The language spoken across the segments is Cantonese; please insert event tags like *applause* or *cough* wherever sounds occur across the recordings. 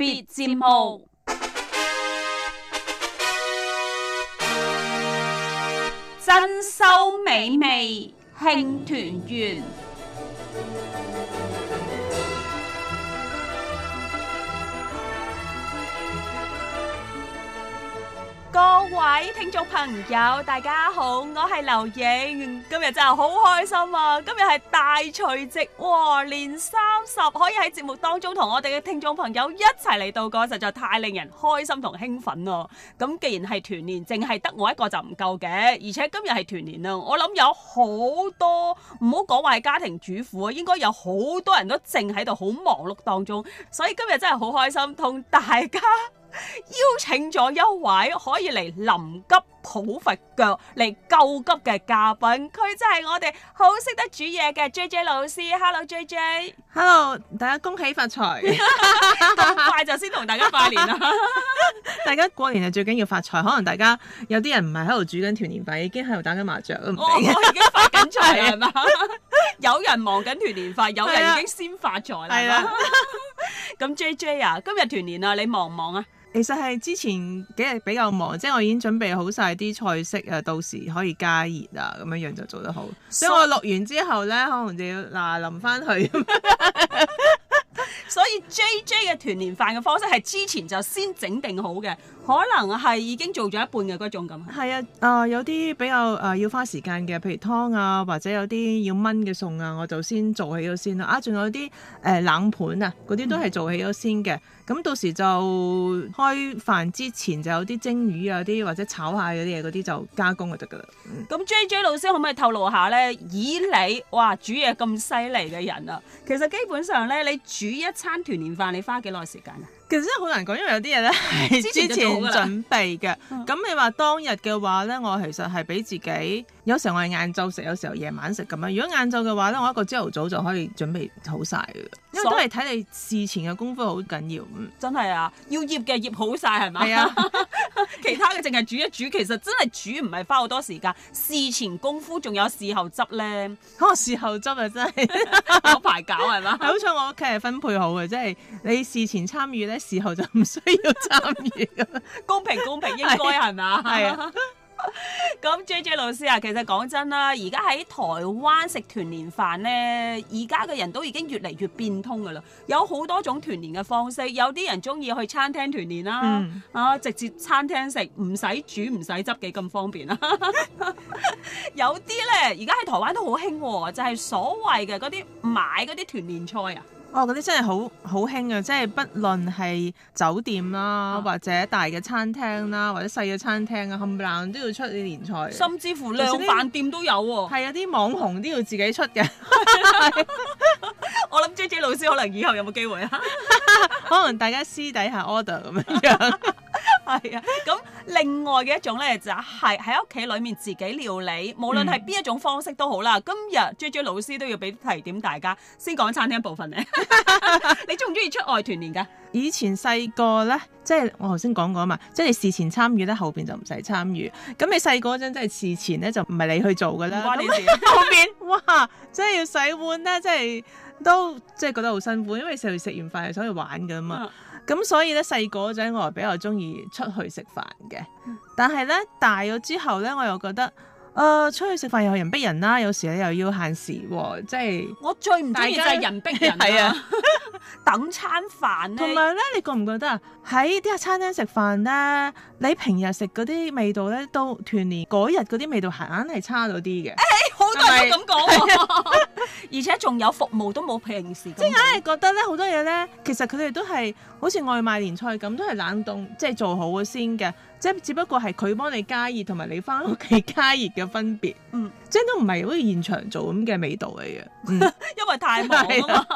別節目美美，珍饈美味慶團圓。各位聽眾朋友，大家好，我係劉影，今日真係好開心啊！今日係大除夕，哇，年三十可以喺節目當中同我哋嘅聽眾朋友一齊嚟度過，實在太令人開心同興奮咯！咁既然係團年，淨係得我一個就唔夠嘅，而且今日係團年啊，我諗有好多唔好講話係家庭主婦啊，應該有好多人都正喺度好忙碌當中，所以今日真係好開心同大家。邀請咗一位可以嚟臨急抱佛腳嚟救急嘅嘉賓，佢即係我哋好識得煮嘢嘅 J J 老師。Hello J J，Hello，大家恭喜發財，咁 *laughs* *laughs* 快就先同大家拜年啦！ *laughs* *laughs* 大家過年係最緊要發財，可能大家有啲人唔係喺度煮緊團年飯，已經喺度打緊麻雀啦。 *laughs* 我我已經發緊財係嘛？對是嗎 *laughs* 有人忙緊團年飯，有人已經先發財啦。咁 J J 啊，今日團年啊，你忙唔忙啊？ *laughs* 其實係之前幾日比較忙，即係我已經準備好晒啲菜式啊，到時可以加熱啊，咁樣樣就做得好。So 所以我錄完之後呢，可能就要嗱臨翻去。所以 JJ 嘅團年飯嘅方式係之前就先整定好嘅，可能係已經做咗一半嘅嗰種咁。係啊，啊有啲比較啊、呃、要花時間嘅，譬如湯啊，或者有啲要燜嘅餸啊，我就先做起咗先啦。啊，仲有啲誒、呃、冷盤啊，嗰啲都係做起咗先嘅。咁、嗯、到時就開飯之前就有啲蒸魚啊，啲或者炒下嗰啲嘢嗰啲就加工就得㗎喇。咁、嗯、JJ 老師可唔可以透露下呢？以你哇煮嘢咁犀利嘅人啊，其實基本上呢，你煮。一餐團年飯你花幾耐時間啊？其實真係好難講，因為有啲嘢咧係之前準備嘅。咁你話當日嘅話咧，我其實係俾自己有時候我係晏晝食，有時候夜晚食咁樣。如果晏晝嘅話咧，我一個朝頭早就可以準備好晒嘅。因為都係睇你事前嘅功夫好緊要，嗯爽，真係啊，要醃嘅醃好晒係咪？是 *laughs* 其他嘅淨係煮一煮，其實真係煮唔係花好多時間，事前功夫仲有事後執咧。哦，事後執啊，真係 *laughs* 有排搞係嘛？係，好彩我屋企係分配好嘅，即係你事前參與咧，事後就唔需要參與。 *laughs* 公平公平應該，應該係咪？係吧啊。咁 *laughs* J J 老師啊，其實講真啦，而家喺台灣食團年飯呢，而家嘅人都已經越嚟越變通噶啦，有好多種團年嘅方式，有啲人中意去餐廳團年啦，嗯、啊直接餐廳食，唔使煮唔使執幾咁方便啦、啊。 *laughs* *laughs* 有啲呢，而家喺台灣都好興、啊，就係、是、所謂嘅嗰啲買嗰啲團年菜啊。哦，嗰啲真係好好興啊！即係，不論係酒店啦，啊、或者大嘅餐廳啦，或者細嘅餐廳啊，冚唪唥都要出啲年菜。甚至乎兩飯店都有喎。係啊，啲網紅都要自己出嘅。 *laughs* *laughs* 我諗 J J 老師可能以後有冇機會啊？ *laughs* *laughs* 可能大家私底下 order 咁樣。 *laughs* *laughs* 係啊，咁另外嘅一種咧就係喺屋企裏面自己料理，無論係邊一種方式都好啦。嗯、今日 JJ 老師都要俾提點大家，先講餐廳部分咧。 *laughs* *laughs* 你鍾唔鍾意出外團年噶？以前細個咧，即係我頭先講過啊嘛，即係事前參與咧，後邊就唔使參與。咁你細個嗰陣即係事前咧，就唔係你去做噶啦。你事後邊哇，即係要洗碗咧，即係都即係覺得好辛苦，因為食食完飯又想去玩噶嘛。嗯咁所以咧細個嗰陣，我係比較中意出去食飯嘅，但係咧大咗之後咧，我又覺得，誒、呃、出去食飯又人逼人啦，啊，有時咧又要限時，啊，即係我最唔中意就係人逼人啊， *laughs* *laughs* 等餐飯咧，同埋咧，你覺唔覺得喺啲餐廳食飯咧，你平日食嗰啲味道咧都，團年嗰日嗰啲味道硬係差咗啲嘅。哎哎好多人都係咁講， *laughs* 而且仲有服務都冇平時，即即係覺得咧，好多嘢咧，其實佢哋都係好似外賣連菜咁，都係冷凍，即係做好咗先嘅，即係只不過係佢幫你加熱，同埋你翻屋企加熱嘅分別、 *laughs* 嗯就是。嗯，即係都唔係好似現場做咁嘅味道嚟嘅。因為太忙啊。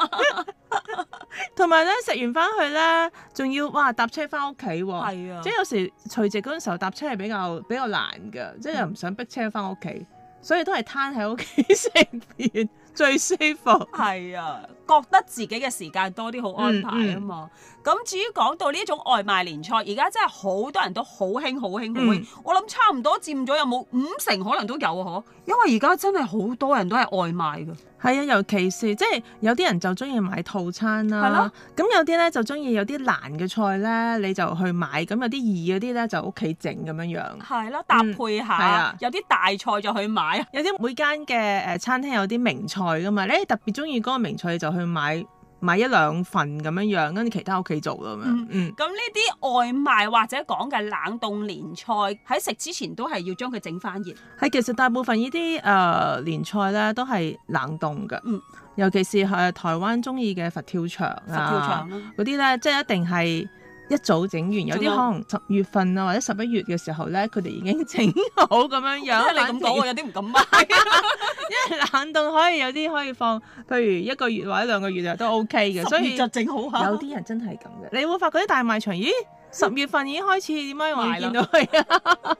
同埋咧，食完翻去咧，仲要哇搭車翻屋企喎。係啊，啊即係有時除夕嗰陣時候搭車係比較比較難噶，即係又唔想逼車翻屋企。 *laughs* 所以都係攤喺屋企食片最舒服，係 *laughs* 啊，覺得自己嘅時間多啲好安排啊嘛。嗯嗯咁至於講到呢一種外賣年菜，而家真係好多人都好興，好興、嗯，會我諗差唔多佔咗有冇五成，可能都有嗬。因為而家真係好多人都係外賣㗎。係啊、嗯，尤其是即係有啲人就中意買套餐啦、啊。係咯。咁有啲咧就中意有啲難嘅菜咧，你就去買。咁有啲易嗰啲咧就屋企整咁樣樣。係咯，搭配下。係、嗯、啊。有啲大菜就去買。有啲每間嘅誒餐廳有啲名菜㗎嘛。你特別中意嗰個名菜，你就去買。買一兩份咁樣樣，跟住其他屋企做咁樣。嗯嗯。咁呢啲外賣或者講嘅冷凍年菜，喺食之前都係要將佢整翻熱。係，其實大部分呢啲誒年菜咧都係冷凍嘅。嗯。尤其是係台灣中意嘅佛跳牆啊，佛跳牆嗰啲咧即係一定係。一早整完，有啲可能十月份啊或者十一月嘅時候咧，佢哋已經整好咁樣樣。你咁講，我有啲唔敢買，正 *laughs* *laughs* 因為冷凍可以有啲可以放，譬如一個月或者兩個月啊都 OK 嘅。所以就整好啊！有啲人真係咁嘅。 *laughs* 你會發覺啲大賣場，咦？十月份已經開始點解賣啦？見到佢？啊！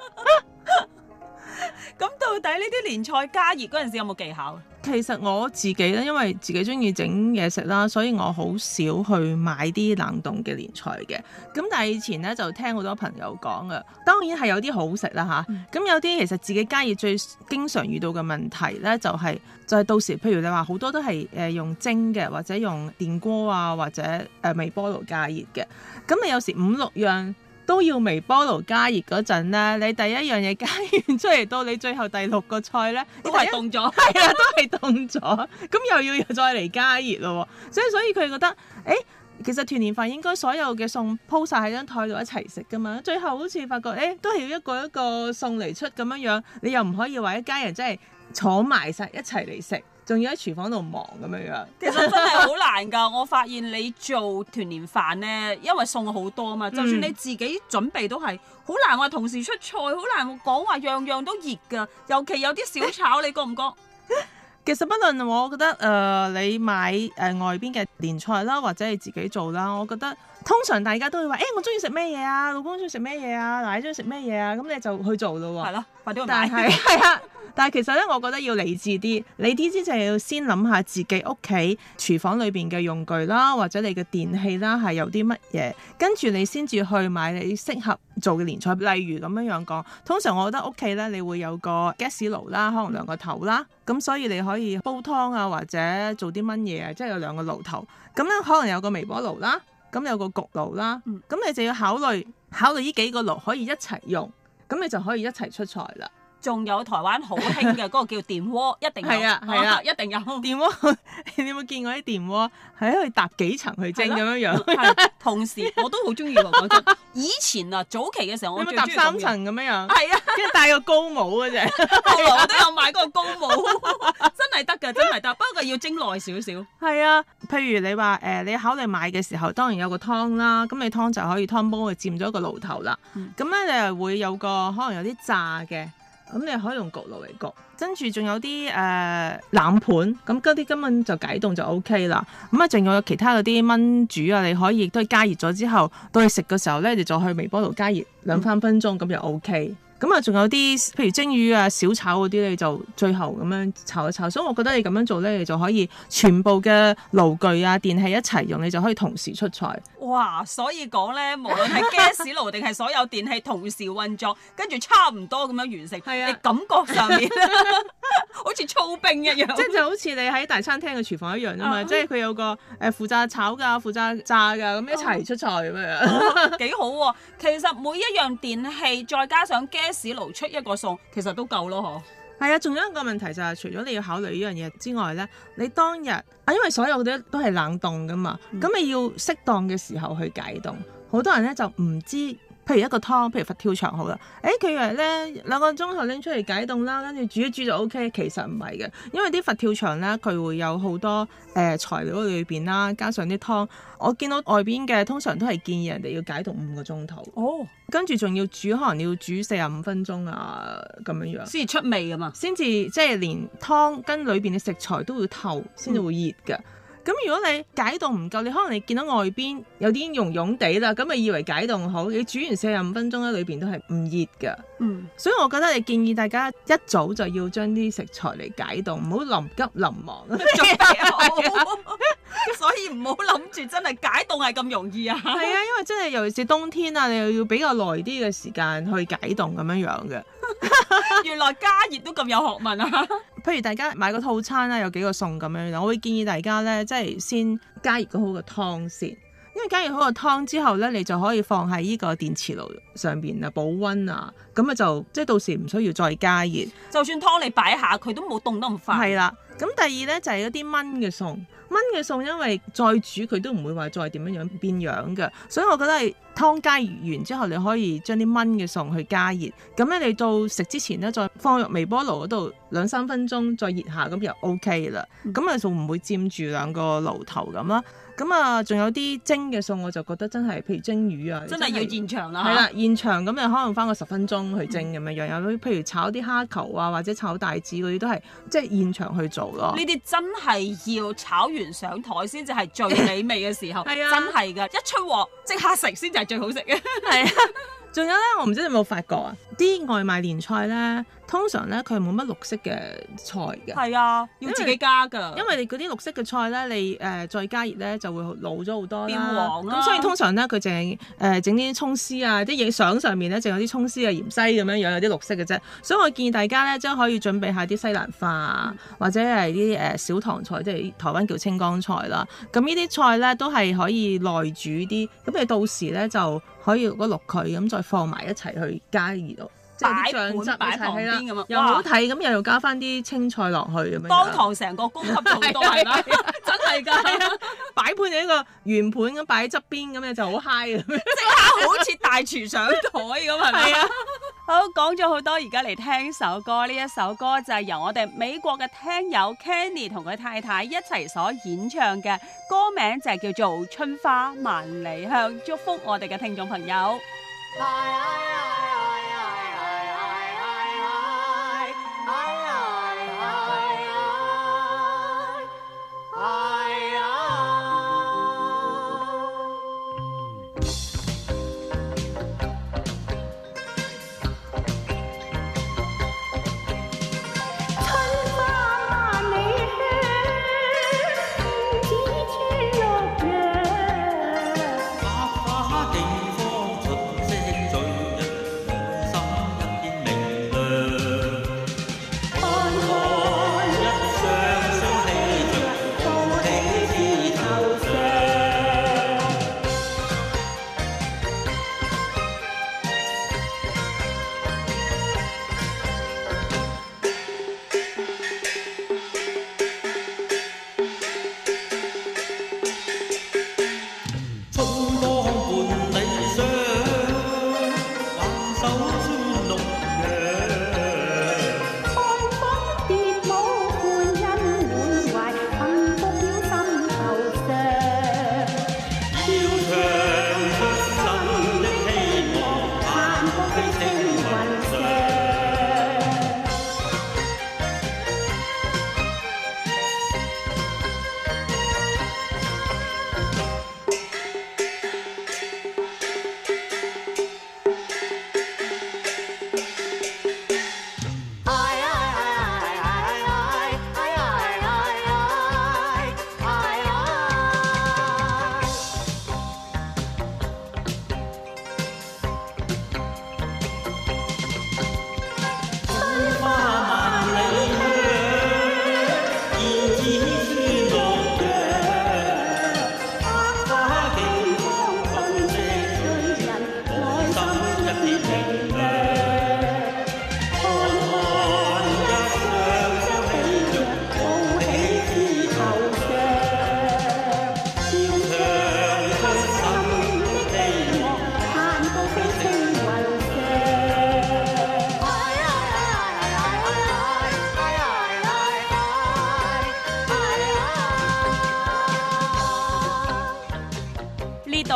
*laughs* 咁到底呢啲連菜加熱嗰陣時有冇技巧？其實我自己咧，因為自己中意整嘢食啦，所以我好少去買啲冷凍嘅連菜嘅。咁但係以前咧就聽好多朋友講啊，當然係有啲好食啦吓。咁有啲其實自己加熱最經常遇到嘅問題咧，就係、係、就係、係、到時譬如你話好多都係誒用蒸嘅，或者用電鍋啊，或者誒微波爐加熱嘅。咁你有時五六樣。都要微波爐加熱嗰陣咧，你第一樣嘢加完出嚟，到你最後第六個菜咧都係凍咗，係啊， *laughs* 都係凍咗，咁又要再嚟加熱咯，所以所以佢覺得，誒、欸，其實團年飯應該所有嘅餸鋪晒喺張枱度一齊食㗎嘛，最後好似發覺，誒、欸，都係一個一個餸嚟出咁樣樣，你又唔可以話一家人真係坐埋晒一齊嚟食。仲要喺廚房度忙咁樣樣，其實真係好難㗎！ *laughs* 我發現你做團年飯咧，因為餸好多啊嘛，就算你自己準備都係好、嗯、難話同時出菜，好難講話樣樣都熱㗎。尤其有啲小炒， *laughs* 你覺唔覺？其實不論我覺得，誒、呃、你買誒外邊嘅年菜啦，或者你自己做啦，我覺得。通常大家都會話，誒、欸，我中意食咩嘢啊？老公中意食咩嘢啊？奶奶中意食咩嘢啊？咁你就去做咯喎。係咯是，快啲去買。係啊，但係其實咧，我覺得要理智啲。理智啲就要先諗下自己屋企廚房裏邊嘅用具啦，或者你嘅電器啦，係有啲乜嘢，跟住你先至去買你適合做嘅年菜。例如咁樣樣講，通常我覺得屋企咧，你會有個 gas 爐啦，可能兩個頭啦，咁所以你可以煲湯啊，或者做啲乜嘢啊，即、就、係、是、有兩個爐頭。咁咧，可能有個微波爐啦。咁有個焗爐啦，咁你就要考慮考慮呢幾個爐可以一齊用，咁你就可以一齊出菜啦。仲有台灣好興嘅嗰個叫電鍋，一定有，係啊，一定有電鍋。你有冇見過啲電鍋係佢搭幾層去蒸咁樣樣？同時我都好中意羅盤。以前啊，早期嘅時候我最中意三層咁樣樣？係啊，即係戴個高帽嘅啫。後來我都有買嗰個。要蒸耐少少，係啊。譬如你話誒、呃，你考慮買嘅時候，當然有個湯啦。咁你湯就可以湯煲去佔咗個爐頭啦。咁咧誒，你又會有個可能有啲炸嘅，咁你可以用焗爐嚟焗。跟住仲有啲誒、呃、冷盤，咁嗰啲根本就解凍就 OK 啦。咁、嗯、啊，仲有其他嗰啲燜煮啊，你可以都係加熱咗之後，到你食嘅時候咧，你再去微波爐加熱兩、嗯、三分鐘、OK，咁就 OK。咁啊，仲有啲，譬如蒸魚啊、小炒嗰啲咧，你就最後咁樣炒一炒。所以我覺得你咁樣做咧，你就可以全部嘅爐具啊、電器一齊用，你就可以同時出菜。哇！所以講咧，無論係 gas 爐定係所有電器同時運作，跟住差唔多咁樣完成。係啊，你感覺上面 *laughs* *laughs* 好似操兵一樣，即係就好似你喺大餐廳嘅廚房一樣啊嘛！啊即係佢有個誒呃、負責炒噶、負責炸噶，咁一齊出菜咁樣樣，幾、哦哦哦、好、啊、 *laughs* 其實每一樣電器再加上 gas 市流出一個餸，其實都夠咯，嗬。係啊，仲有一個問題就係、是，除咗你要考慮呢樣嘢之外咧，你當日啊，因為所有嗰啲都係冷凍噶嘛，咁、嗯、你要適當嘅時候去解凍。好多人咧就唔知。譬如一個湯，譬如佛跳牆好啦，誒佢話咧兩個鐘頭拎出嚟解凍啦，跟住煮一煮就 O K，其實唔係嘅，因為啲佛跳牆咧佢會有好多誒、呃、材料裏邊啦，加上啲湯，我見到外邊嘅通常都係建議人哋要解凍五個鐘頭，哦，跟住仲要煮，可能你要煮四十五分鐘啊咁樣樣，先至出味㗎嘛，先至即係連湯跟裏邊嘅食材都會透，先至會熱㗎。嗯。咁如果你解凍唔夠，你可能你見到外邊有啲溶溶地啦，咁咪以為解凍好？你煮完四十五分鐘咧，裏邊都係唔熱噶。嗯，所以我覺得你建議大家一早就要將啲食材嚟解凍，唔好臨急臨忙。做所以唔好諗住真係解凍係咁容易啊！係 *laughs* 啊，因為真係尤其是冬天啊，你又要比較耐啲嘅時間去解凍咁樣樣嘅。 *laughs* 原來加熱都咁有學問啊！譬如大家買個套餐啦，有幾個餸咁樣，我會建議大家咧，即係先加熱好個湯先，因為加熱好個湯之後咧，你就可以放喺呢個電磁爐上邊啊，保溫啊，咁啊就即係到時唔需要再加熱。 *laughs* 就算湯你擺下，佢都冇凍得咁快。係啦，咁第二咧就係嗰啲炆嘅餸，炆嘅餸因為再煮佢都唔會話再點樣樣變樣嘅，所以我覺得係。湯加完之後，你可以將啲燜嘅餸去加熱，咁咧你到食之前呢，再放入微波爐嗰度兩三分鐘再熱下，咁就 OK 啦。咁啊唔會佔住兩個爐頭咁啦。咁啊仲有啲蒸嘅餸，我就覺得真係譬如蒸魚啊，真係要現場啦，係啦，現場咁你可能翻個十分鐘去蒸咁樣樣，有譬如炒啲蝦球啊，或者炒帶子嗰啲都係即係現場去做咯。呢啲真係要炒完上台先至係最美味嘅時候，真係噶，一出鑊即刻食先最好食嘅，係啊！仲有咧，我唔知你有冇發覺啊，啲外賣連菜咧。通常咧，佢冇乜綠色嘅菜嘅。係啊為，要自己加噶。因為你嗰啲綠色嘅菜咧，你誒、呃、再加熱咧就會老咗好多。變黃啦。咁所以通常咧，佢淨係誒整啲葱絲啊，啲嘢相上面咧，淨有啲葱絲啊、芫茜咁樣樣，有啲綠色嘅啫。所以我建議大家咧，即可以準備一下啲西蘭花啊，或者係啲誒小棠菜，即係台灣叫青江菜啦。咁呢啲菜咧都係可以耐煮啲，咁你到時咧就可以淥淥佢，咁再放埋一齊去加熱咯。擺盤擺旁邊咁啊，又好睇，咁又要加翻啲青菜落去咁樣，當堂成個高級菜都係真係㗎！擺盤你呢個圓盤咁擺喺側邊咁樣就好 high 即刻好似大廚上台咁係咪啊？好講咗好多，而家嚟聽首歌，呢一首歌就係由我哋美國嘅聽友 Kenny 同佢太太一齊所演唱嘅，歌名就係叫做《春花萬里香》，祝福我哋嘅聽眾朋友。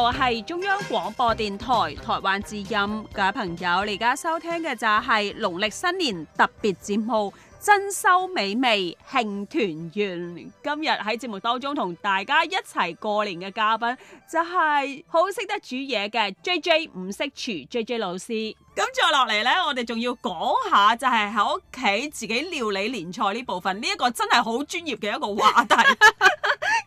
我係中央廣播電台台灣之音嘅朋友，你而家收聽嘅就係農曆新年特別節目。珍饈美味慶團圓，今日喺節目當中同大家一齊過年嘅嘉賓就係好識得煮嘢嘅 J J 唔識廚 J J 老師。咁再落嚟呢，我哋仲要講下就係喺屋企自己料理聯菜呢部分，呢、這、一個真係好專業嘅一個話題。 *laughs*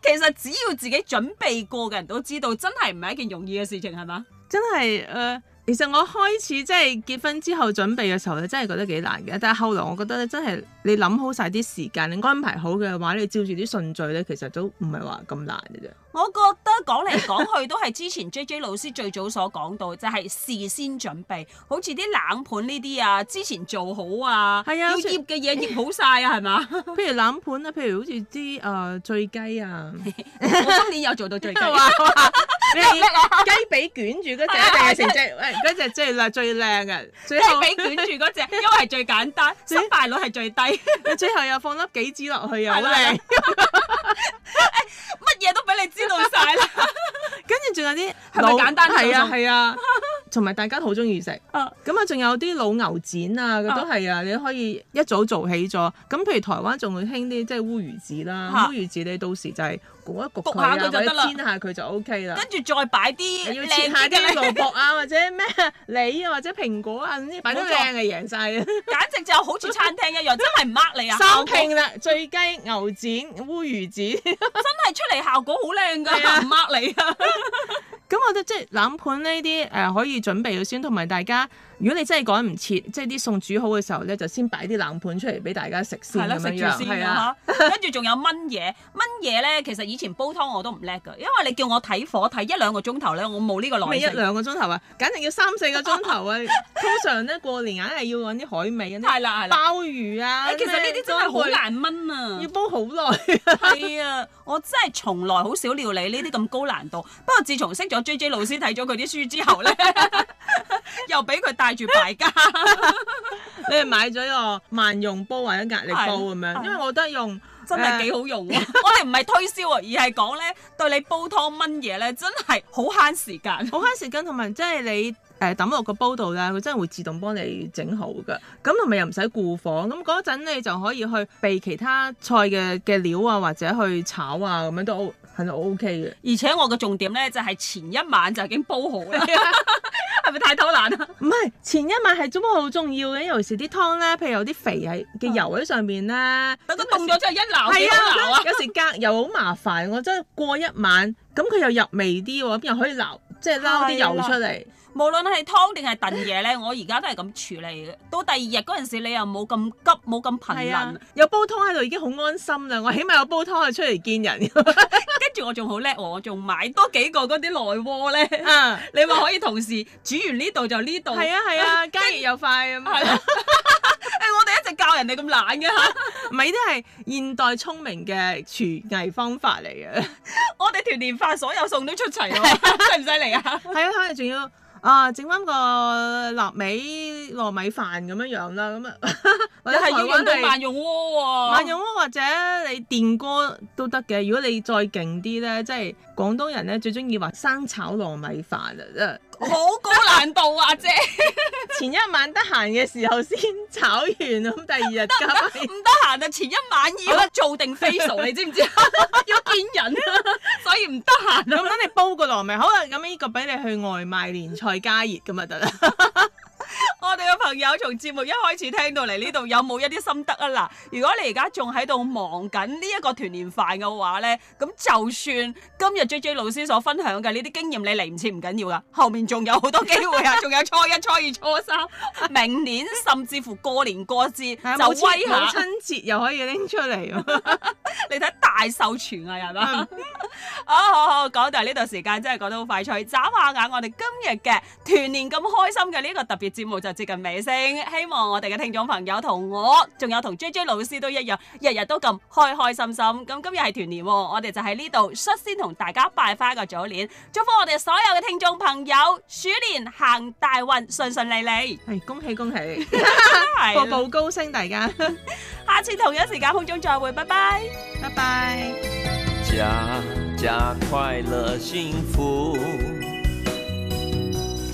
*laughs* 其實只要自己準備過嘅人都知道，真係唔係一件容易嘅事情，係嘛？真係誒。呃其實我開始即係結婚之後準備嘅時候咧，真係覺得幾難嘅。但係後來我覺得咧，真係你諗好晒啲時間，你安排好嘅話你照住啲順序咧，其實都唔係話咁難嘅啫。我覺得講嚟講去都係之前 J J 老師最早所講到，就係事先準備，好似啲冷盤呢啲啊，之前做好啊，要醃嘅嘢醃好晒啊，係嘛？譬如冷盤啊，譬如好似啲誒醉雞啊，我今年有做到醉雞啊，雞髀捲住嗰隻係成隻，嗰隻最靚最靚嘅，雞髀捲住嗰隻，因為係最簡單，失敗率係最低，最後又放粒杞子落去又靚。到啦，跟住仲有啲，係咪簡單？係啊，係啊。 *laughs* 同埋大家好中意食，咁啊，仲有啲老牛展啊，都係啊，你可以一早做起咗。咁譬如台灣仲會興啲即係烏魚子啦，烏魚子你到時就係焗一焗焗下佢就得啦，或者煎下佢就 O K 啦。跟住再擺啲要切下啲蘿蔔啊，或者咩梨或者蘋果啊，咁啲擺都靚嘅贏晒。啊！簡直就好似餐廳一樣，真係唔呃你啊！收拼啦，醉雞、牛展、烏魚子，真係出嚟效果好靚㗎，唔呃你啊！咁、嗯、我覺即係冷盤呢啲誒可以準備咗先，同埋大家如果你真係趕唔切，即係啲餸煮好嘅時候咧，就先擺啲冷盤出嚟俾大家食先，食住啦先嚇、啊。跟住仲有炆嘢，炆嘢咧其實以前煲湯我都唔叻㗎，因為你叫我睇火睇一兩個鐘頭咧，我冇呢個耐性。一兩個鐘頭啊，簡直要三四個鐘頭啊！ *laughs* 通常咧過年硬係要揾啲海味嗰啲，係啦係啦，鮑魚啊，其實呢啲真係好難炆啊，要煲好耐。係啊，我真係從來好少料理呢啲咁高難度。不過自從識咗。J J 老師睇咗佢啲書之後咧， *laughs* *laughs* 又俾佢帶住敗家， *laughs* 你係買咗一個萬用煲或者壓力煲咁樣，對因為我覺得用真係幾好用喎。 *laughs* *laughs* 我哋唔係推銷，而係講咧，對你煲湯燜嘢咧，真係好慳時間，好慳時間同埋即係你。誒抌落個煲度咧，佢真係會自動幫你整好噶。咁係咪又唔使顧火？咁嗰陣你就可以去備其他菜嘅嘅料啊，或者去炒啊，咁樣都 O 係 O K 嘅。而且我嘅重點咧就係前一晚就已經煲好啦，係咪 *laughs* *laughs* 太偷懶啊？唔係前一晚係做乜好重要嘅，尤其是啲湯咧，譬如有啲肥係嘅油喺上面咧，等佢凍咗之後一撈幾啊。有時隔油好麻煩，我真係過一晚，咁佢又入味啲喎，又可以撈。即係撈啲油出嚟，無論係湯定係燉嘢咧，我而家都係咁處理嘅。到第二日嗰陣時，你又冇咁急，冇咁頻輪，有煲湯喺度已經好安心啦。我起碼有煲湯啊出嚟見人，跟住我仲好叻，我仲買多幾個嗰啲內鍋咧。啊，你咪可以同時煮完呢度就呢度，係啊係啊，加熱又快咁。係啊，誒，我哋一直教人哋咁懶嘅，唔係呢啲係現代聰明嘅廚藝方法嚟嘅。我哋團年飯所有餸都出齊，犀唔犀利？係 *laughs* 啊，可能仲要啊，整翻個臘味糯米飯咁樣樣啦，咁啊， *laughs* 或者台灣係萬用鍋，哦，萬用鍋或者你電鍋都得嘅。如果你再勁啲咧，即係廣東人咧最中意話生炒糯米飯啊。好高難度啊，姐！ *laughs* 前一晚得閒嘅時候先炒完，咁第二日加班唔得閒啊！前一晚要做定 facial， *laughs* 你知唔知？ *laughs* *laughs* 要見人，所以唔得閒啊！等 *laughs* 你煲個糯米，好啦，咁呢個俾你去外賣連菜加熱咁啊得啦。 *laughs* 我哋嘅朋友從節目一開始聽到嚟呢度，有冇一啲心得啊？嗱，如果你而家仲喺度忙緊呢一個團年飯嘅話呢，咁就算今日 JJ 老師所分享嘅呢啲經驗，你嚟唔切唔緊要噶，後面仲有好多機會啊！仲有初一、 *laughs* 初二、初三， *laughs* 明年甚至乎過年過 *laughs* 節，就威好春節又可以拎出嚟，啊。 *laughs* *laughs* 你睇大壽傳啊，人 *laughs* *laughs* *laughs* 哦、好好好，好，講到呢度時間真係講得好快脆，眨下眼我哋今日嘅團年咁開心嘅呢個特別節目就。近尾聲，希望我哋嘅聽眾朋友同我，仲有同 JJ 老師都一樣，日日都咁開開心心。咁今日係團年，我哋就喺呢度率先同大家拜翻一個早年，祝福我哋所有嘅聽眾朋友鼠年行大運，順順利利。係恭喜恭喜，步步高升，大家。下次同樣時間空中再會，拜拜，拜拜。家家快樂，幸福。